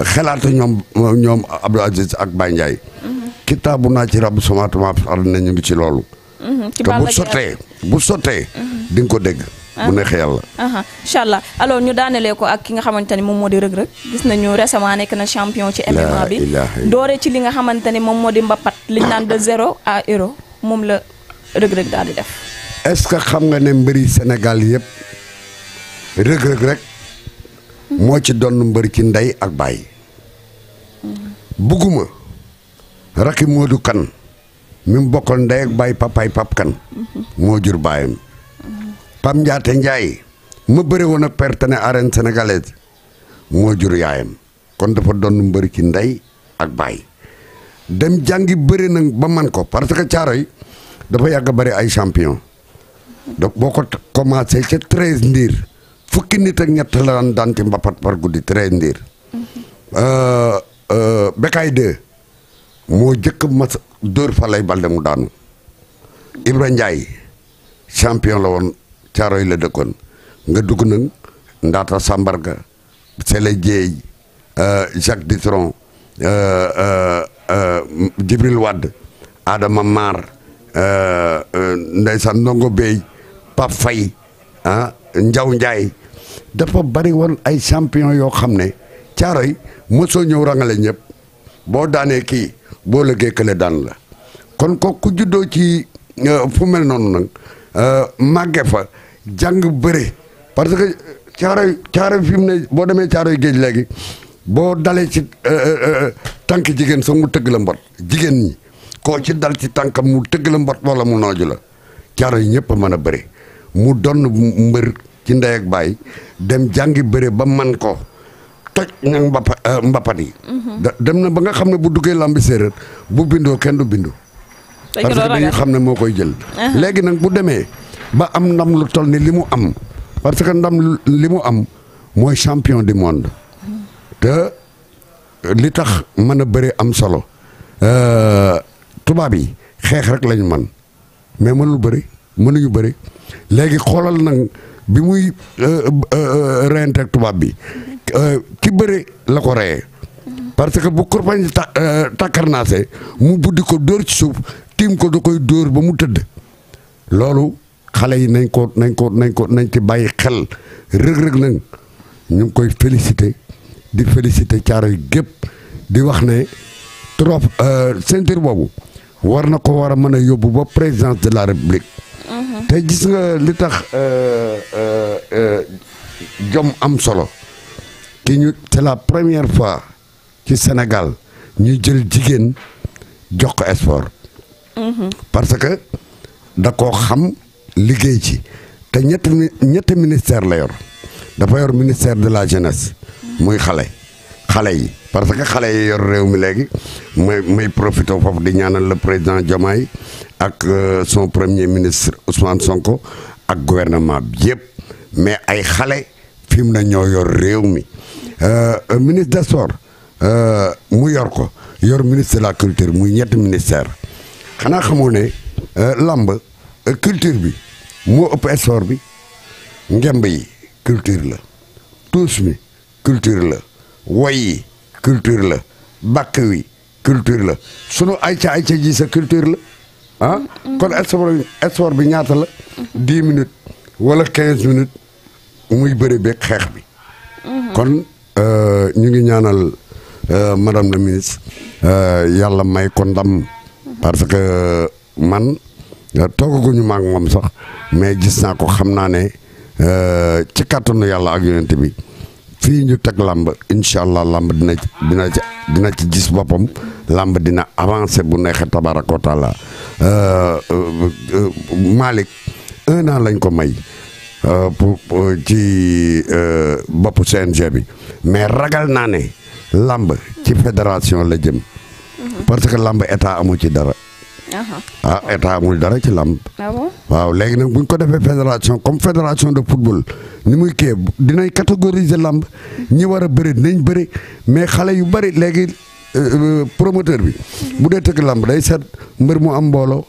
xelaata ñoom ñoom Abdou Aziz ak Baye Ndiaye. kitaabu naa ci rabu somaatu ma àll na ñu ngi ci loolu. Mhm, te bu sottee bu sottee. di nga ko dégg. Ah. bu neexee yàlla. incha allah alors ñu daanelee ko ak ki nga xamante ni moom moo di Reug Reug gis nañu récemment nekk na champion ci MMA bi. doore ci li nga xamante ni moom moo di mbapat liñ naan de zéro à euro moom la Reug Reug daal di def. est que xam nga ne mbëri senegal yëpp Reug Reug rek. moo ci donn mbër ki ndey ak baay bugguma rakki Moodu Kan mi bokkoon ndey ak baay papaay pap kan moo jur baayam pam njaate njaay ma bëre woon ak pertene arène sénégalaise moo jur yaayam kon dafa donn mbër ki ndey ak baay dem jàngi bëri nag ba man ko parce que caaro yi dafa yàgg bëri ay champion donc boo ko commencé ca treize ndiir fukki nit ak ñett la daan daan ci par guddi très ndiir euh, euh, Bécaye 2 moo jëkk mas dóor fa lay balde mu daanu Ibra Ndiaye champion la woon Caaroy la dëkkoon nga dugg nag Ndaata Sambarga Sele Dieye euh, Jacques Dutronc Djibril Wade Adama Mar ndeysaan Ndongo Bey Pape ah, Njaw Ndiaye dafa bari wan ay champion yoo xam ne caaroy mosoo ñëw rangale ñëpp boo daanee kii boo lëggee kële daan la kon ko ku juddoo ci euh, fu mel noonu nag euh, màgge fa jàng bëre parce que caaroy caaroy fi mu ne boo demee caaroy géej léegi boo dalee ci euh, tànk jigéen sax mu tëgg la mbot jigéen ñi koo ci dal ci tànkam mu tëgg la mbot wala mu nooju la caaroy ñëpp a mën a bëre mu doon mbër ci ndey ak baay dem jàngi bëre ba man ko toj nga mbapa euh, mbapat yi. Mhm. dem na ba nga xam ne bu duggee làmbi séeréer bu bindoo kenn du bindu. parce que dañu xam ne moo koy jël. Uh-huh. léegi nag bu demee ba am ndam lu toll ni li mu am parce que ndam li mu am mooy champion du monde. te li tax mën a bëre am solo euh, tubaab yi xeex rek lañu man mais mënul bëri mënuñu bëri léegi xoolal nag. bi muy euh, euh, euh, reyante ak tubaab bi ki bëre la ko reyee parce que bu korpañ se mu buddi ko dóor ci suuf tiim ko da koy dóor ba mu tëdd loolu xale yi nañ ko nañ ko nañ ko nañ ci bàyyi xel rëg-rëg nag ñu ngi koy félicité di caaro yi gépp di wax ne trop ceinture boobu war na ko war a mën a yóbbu ba présidence de la république te gis nga li tax euh, euh, euh, jom am solo ki ñu c'est la première fois ci Sénégal ñu jël jigéen jox ko sport mm-hmm. parce que da koo xam liggéey ci te ñetti ñetti ministère la yor dafa yor ministère de la jeunesse muy xale xale yi parce que xale yi yor réew mi léegi may may profité foofu di ñaanal le président yi ak euh, son premier ministre Ousmane Sonko ak gouvernement bi yëpp mais ay xale fi mu na ñoo yor réew mi euh, ministre des sports euh, mu yor ko yor ministre la culture muy ñetti ministère xanaa xamoo ne lamb culture bi moo ëpp sport bi ngemb yi culture la tuus mi culture la woy yi culture la bàkk wi culture la sunu ayca ayca ji sa culture la ah kon mm-hmm. sport bi ñaata la. Mm-hmm. dix minutes wala quinze minutes muy bëri beeg xeex bi. Mm-hmm. kon euh, ñu ngi ñaanal euh, madame la ministre euh, yàlla may ko ndam. parce que man toogaguñu maak moom sax mais gis naa ko xam naa ne ci kàttanu yàlla ak yonent bi fii ñu teg làmb incha allah làmb dina dina ci dina ci gis boppam làmb dina avancé bu neexee tabaaraka taala Euh, euh, euh, Malick un lañ ko may pour ci boppu CNG bi mais ragal naa ne làmb ci fédération la jëm. Mhm. parce que làmb état amul ci dara. ah état amul dara ci làmb. Ah waaw léegi nag bu ñu ko defee fédération comme fédération de football ni muy kii dinañ catégoriser làmb ñi war a bëri dinañ bëri mais xale yu bëri léegi. Euh, euh, promoteur bi. bu dee tëgg làmb day set mbër mu am mbooloo.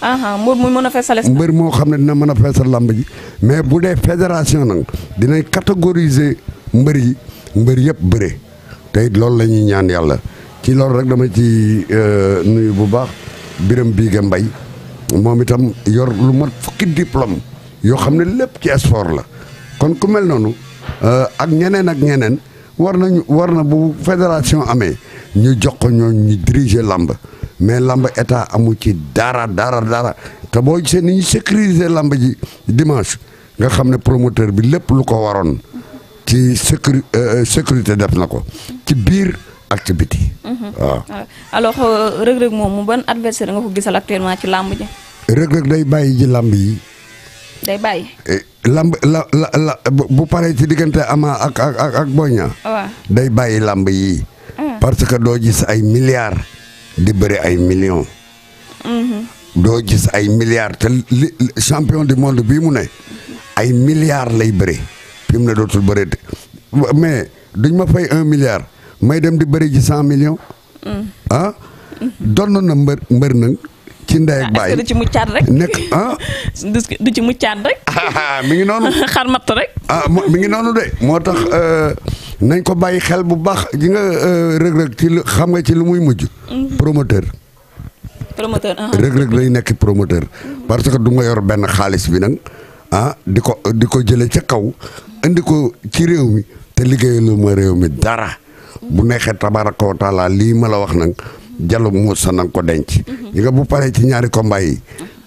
mbër mu mën a feesal mbër moo xam ne dina mën a feesal làmb ji mais bu dee fédération nag dinañ catégoriser mbër yi mbër yëpp bëre te loolu la ñuy ñaan yàlla ci loolu rek dama ci euh, nuyu bu baax Biram Biige Mbay moom itam yor lu mat yoo xam ne lépp ci sport la kon ku mel noonu ak ñeneen ak ñeneen. war nañu war na bu fédération amee ñu jox ko ñoo ñu diriger lamb mais lamb état amu ci dara dara dara te boo gisee ni ñu sécuriser lamb ji dimanche nga xam ne promoteur bi lépp lu ko waroon ci sécuri euh, euh, sécurité def na ko ci biir ak ci biti. Mhm. waaw euh, alors Reug Reug moom mu ban adversaire nga ko gisal actuellement ci làmb ji. Reug Reug day bàyyi ji làmb yi. day bàyyi. Eh, lamb la la bu paree ci diggante Ama ak ak ak day bàyyi lamb yii. Mm. parce que doo gis ay milliards di bëri ay millions. Mm-hmm. doo gis ay milliards te li champion du monde bii mu ne. ay milliards lay bëri fi mu ne dootul bëri mais duñ ma fay un milliard may dem di bëri ji cent millions. Mm. Ah? Mm-hmm. donn na mbër mbër nag. ci ndey ak ah, baay du ci muccaat rek. nekk ah. du ci muccaat rek. Ah, ah, mi ngi noonu. xar matt rek. ah mi ngi noonu de moo tax euh, nañ ko bàyyi xel bu baax gi nga euh, rëg-rëg ci xam nga ci lu muy mujj. Mhm. promoteur. promoteur rëg-rëg lay nekk promoteur. Mhm. parce que du nga yor benn xaalis bi nag ah di ko di ko jële ca kaw indi ko ci réew mi te liggéeyalu ma réew mi dara. Mhm. bu neexee tabaraka wa taala lii ma la wax nag. Diallo Moussa na nga ko denc. ñi mhm. nga bu paree ci ñaari combat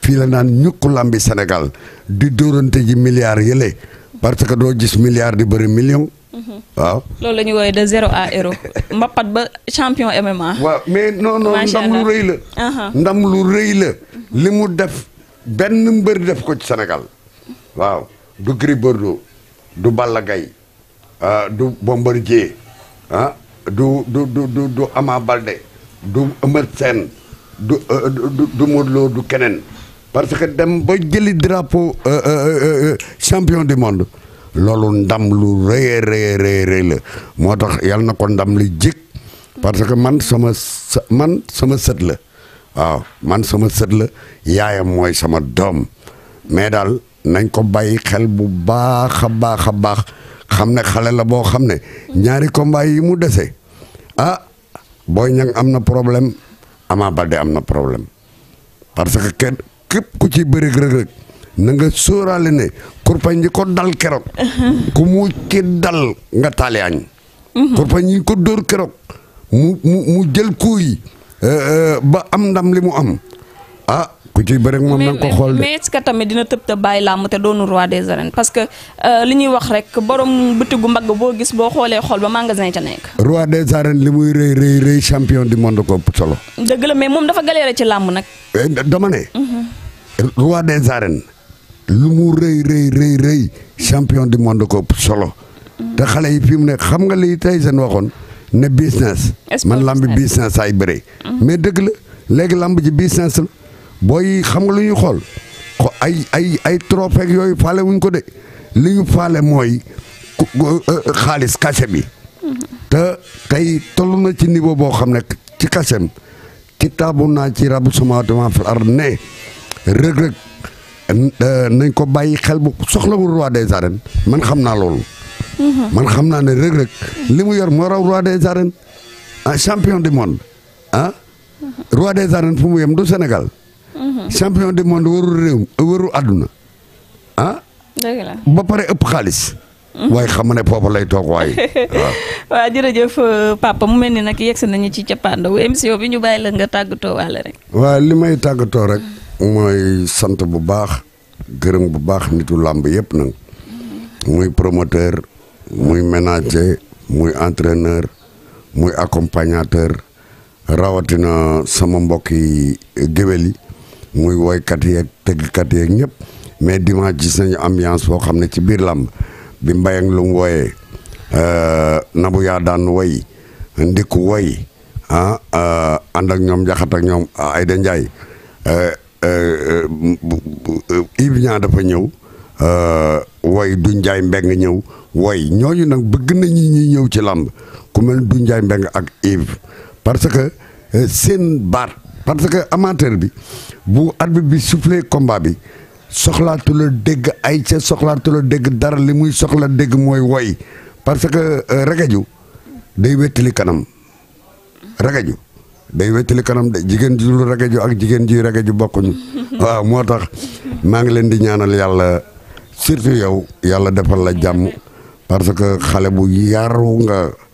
fii la naan ñukk làmbi Sénégal di dóorante ji milliards yële parce que doo gis milliards di bëri million. Mhm. waaw loolu la ñuy woowee de zéro ba champion MMA. waaw mais non uh-huh. ndam lu rëy la. ndam lu rëy la. li mu def benn mbër def ko ci Sénégal. waaw du Gris Bordeaux du Balla Gaye ah, du Bombardier ah du du du du Ama Baldé. du Eumeu Sène euh, du du Modou Lo du keneen parce que dem ba jëli drapeau euh, euh, champion du monde loolu ndam lu rëy rëy rëy la moo tax yàlla na ko ndam li jik parce que man sama man sama sët la waaw man sama sët la yaayam mooy sama doom mais daal nañ ko bàyyi xel bu baax a baax a baax xam ne xale la boo xam ne ñaari combat yi mu desee ah, booy Niang am na problème amaa Baldé am na problème parce que kenn képp ku ci bëri Reug Reug na nga sóoraale ne kurpañ ñi ko dal keroog. ku mu ci dal nga taale añ. Mhm. kurpañ ñi ko dóor keroog mu mu mu jël kuy euh, euh, ba am ndam li mu am a ah, ku ci bëri moom ko xool de mais est-ce euh, rek borom bitigu mbagg boo gis boo xoolee xool ba magasin ca nekk. roi des arènes li muy rëy rëy rëy champion du monde ko solo. dëgg la mais moom dafa galéré ci làmb nag. Eh, dama ne. Mhm. roi des arènes lu mu rëy rëy rëy rëy champion du monde ko solo. Mhm. te xale yi fi mu ne xam nga li tey seen waxoon ne business. man lamb business ay bëre. Mhm. mais dëgg la léegi lamb ji business la. booy xam nga lu ñuy xool ko ay ay ay trophée yooyu faale wuñ ko de li ñu faale mooy euh, xaalis kase bi. Mm-hmm. te tey toll na ci niveau boo xam ne ci kasem kitaabu naa ci rabu sama dama fil ar ne rëg-rëg euh, nañ ko bàyyi xel bu soxlawul roi des arènes man xam naa loolu mm-hmm. man xam naa ne rëg-rëg li mu yor moo raw roi des arènes ah champion du monde ah mm-hmm. roi des arènes fu mu yem du Sénégal Mm-hmm. champion de monde warul réew warul àdduna ah. dëgg ba pare ëpp xaalis. Mm-hmm. waaye xam ne foofu lay toog waaye. waaw jërëjëf euh, papa mu mel ni nag yegg nañu ci cappaandaw émission bi ñu bàyyi la nga tàggatoo waale rek. waaw li may tàggatoo rek. mooy sant bu baax. gërëm bu baax nitu làmb yëpp nag. Mm-hmm. muy promoteur. muy ménager. muy entraîneur. muy accompagnateur. rawatina sama mbokki géwél yi muy woykat yeeg tëggkat yeeg ñëpp mais dimanche gis nañu ambiance boo xam ne ci biir lamb bi mbayang lu mu wooyee euh, nabu yaa daan woy ndikku woy ah euh, ànd ak ñoom jaxat ak ñoom Ayda Njaay ibi ñaa dafa ñëw euh, woy du njaay mbeng ñëw woy ñooñu nag bëgg nañu ñuy ñëw ci làmb ku mel du njaay mbeng ak Yves parce que seen baat parce que amateur bi bu arbitre bi soufflé combat bi soxlaatu la dégg ay ca soxlaatu dégg dara li muy soxla dégg mooy woy parce que euh, ragaju day wettali kanam ragaju day wettali kanam de jigéen ju dul ragaju ak jigéen ji ragaju bokkuñu waaw moo tax maa ngi leen di ñaanal yàlla surtout yow yàlla defal la jàmm parce que xale bu yaru nga